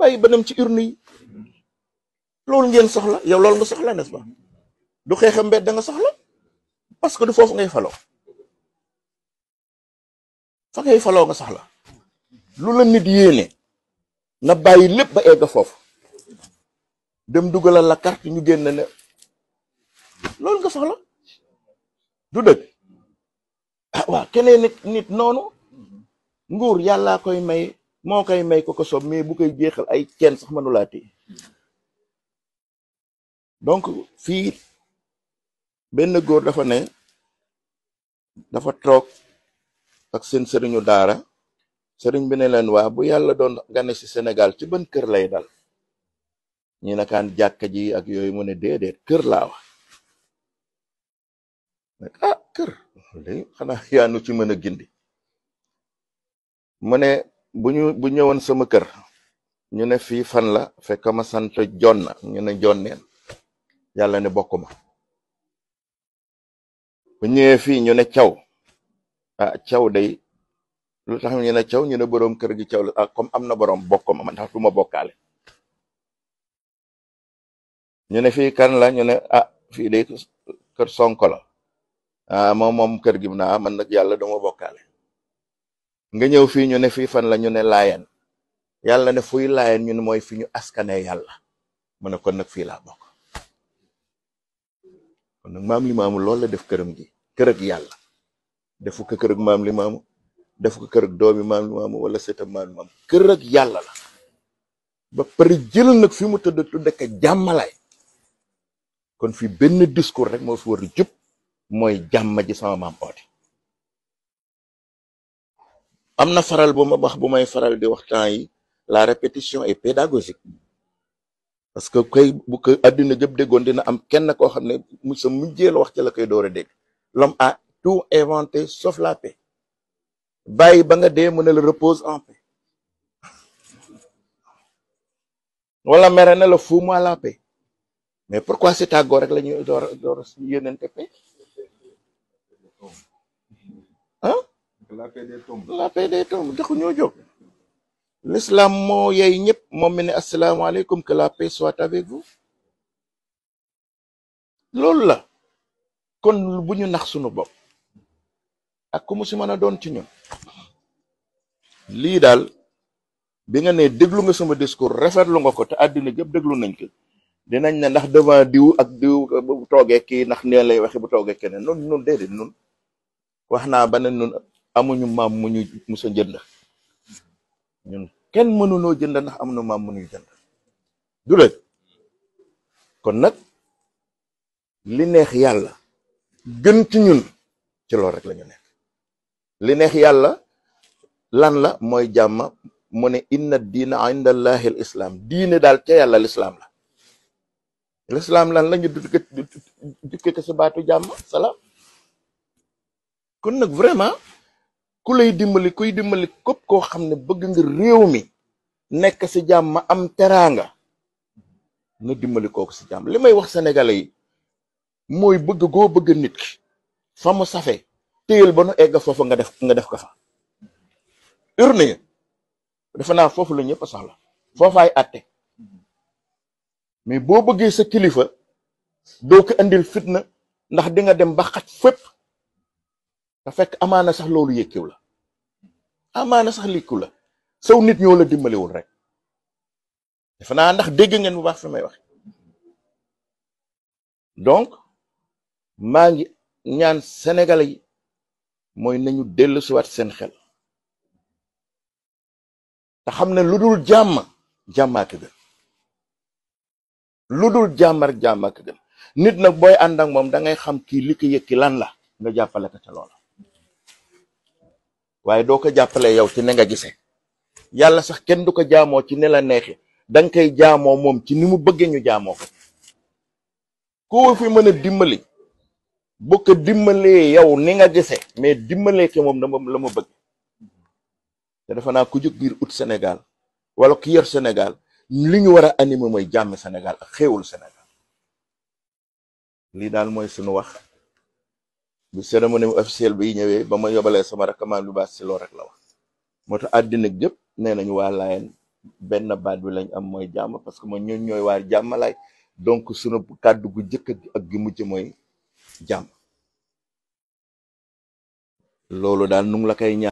bàyyi ba dem ci urne yi loolu ngeen soxla yow lool nga soxla n'est-ce pas du xeexam mbedd da soxla parce que du foofu ngay falo fa ngay faloo nga soxla lu la nit yéene na bàyyi lépp ba egg foofu dem dugalal la carte ñu génn ne loolu nga soxla du dëgg ah keneen nit noonu nguur yàlla koy may moo koy may ko ko soob mais bu koy jeexal ay kenn sax mënulaatee donc fii benn góor dafa ne dafa toog ak seen sëriñu daara sëriñ bi ne leen waa bu yàlla doon gane ci Sénégal ci ban kër lay dal ñi nakaan jàkka ji ak yooyu mu ne déedéet kër laa wax ah kër xanaa yaanu ci mën a gindi mu bu ñu bu ñëwoon sama kër ñu ne fii fan la fekk ma sant jonn ñu ne jonneen ne bokk ñëwee fii ñu ne caw ah caw day lu tax ñu ne caw ñu ne boroom kër gi caw la ah comme am na boroom bokk ma man tax du ma bokkaale ñu ne fii kan la ñu ne ah fii day la ah moom moom kër gi na ah, man nag yàlla duma bokkaale nga ñëw fii ñu ne fii fan la ñu ne laayeen yàlla ne fuy laayeen ñu ne mooy fi ñu askane yàlla mu ne kon nag fii laa bokk kon nag maam li maamu loolu la def këram gi kër ak yàlla defu ko kër ak maam li defu ko kër ak doomi wala seetam maam li maamu kër yàlla la ba pare jël nag fi mu tëdd tudde ka jàmmalaay kon fi benn discours rek moo fi war a jub mooy jàmm ji sama maam am na faral bu ma wax bu may faral di wax temps yi la répétition est pédagogique parce que kay bu ko adduna déggoon dina am kenn koo xam ne mu sa mujjee la wax ci la koy door a dégg l'homme a tout inventé sauf la paix ba nga dee mën a la repose en paix wala mere ne la moi la paix mais pourquoi si tàggoo rek la ñuy door door yénente paix la paix des tombes la paix des moo yey ñëpp moom mi ne asalaamaaleykum que la la kon bu ñu nax sunu bopp ak ku mu mën doon ci ñun lii daal bi nga ne déglu nga sama discours rafetlu nga ko te àddina gépp deglu nañ ko dinañ ne ndax devant diw ak diw bu toogee kii ndax nee lay waxe bu toogee keneen nun nun déedéet nun wax naa nun amuñu maam mu ñu musa jënd kenn mënunoo jënd ndax am maam mu ñu jënd du la kon nag li neex yàlla gën ci ñun ci loolu rek lañu nekk li neex yàlla lan la mooy jàmm mu ne inna diina inda allahi al islam diine daal ca yàlla lislaam la lislaam lan la ñu dukke ko sa baatu jàmm salaam kon nag vraiment ku lay dimbali kuy dimbali képp koo xam ne bëgg nga réew mi nekk si jàmm am teraanga nga dimbali kooku si jàmm li may wax sénégalais yi mooy bëgg goo bëgg nit fa mu safe téyel ba nu egg foofu nga def nga def ko fa urne yi defe foofu la ñëpp soxla foofaay atte mais boo bëggee sa kilifa doo ko andil fitna ndax dinga dem ba xaj fépp te fekk amaana sax loolu yëkkiw la amaana sax likku la saw nit ñoo la dimbaliwul rek defe naa ndax dégg ngeen bu baax fi may wax donc maa ngi ñaan Sénégalais yi mooy nañu dellu siwaat seen xel te xam ne lu dul jàmm jàmmaak gën lu dul jàmm rek jàmmaak gën nit nag booy ànd ak moom da xam kii li ko yëkki lan la nga jàppale ko ca loola waaye doo ko jàppale yow ci ne nga gisee yàlla sax kenn du ko jaamoo ci ne la neexee da nga koy jaamoo moom ci ni mu bëggee ñu jaamoo ko koo fi mën a dimbali boo ko dimbalee yow ni nga gisee mais dimbalee ke moom dama la ma bëgg te defe ku jóg ut senegal wala ku senegal Sénégal li ñu war a animé mooy jàmm Sénégal ak xéewul Sénégal lii daal mooy sunu wax. bu cérémonie officielle bi ñëwee ba ma yobalee sama rakkamaan lu baas si loolu rek la wa moo tax àddina jëpp nee nañu waa Laayeen benn baat bi lañ am mooy jàmm parce que mooy ñun ñooy waa jàmmalaay donc sunu kàddu gu jëkk ak gi mujj mooy jàmm loolu daal nu ngi la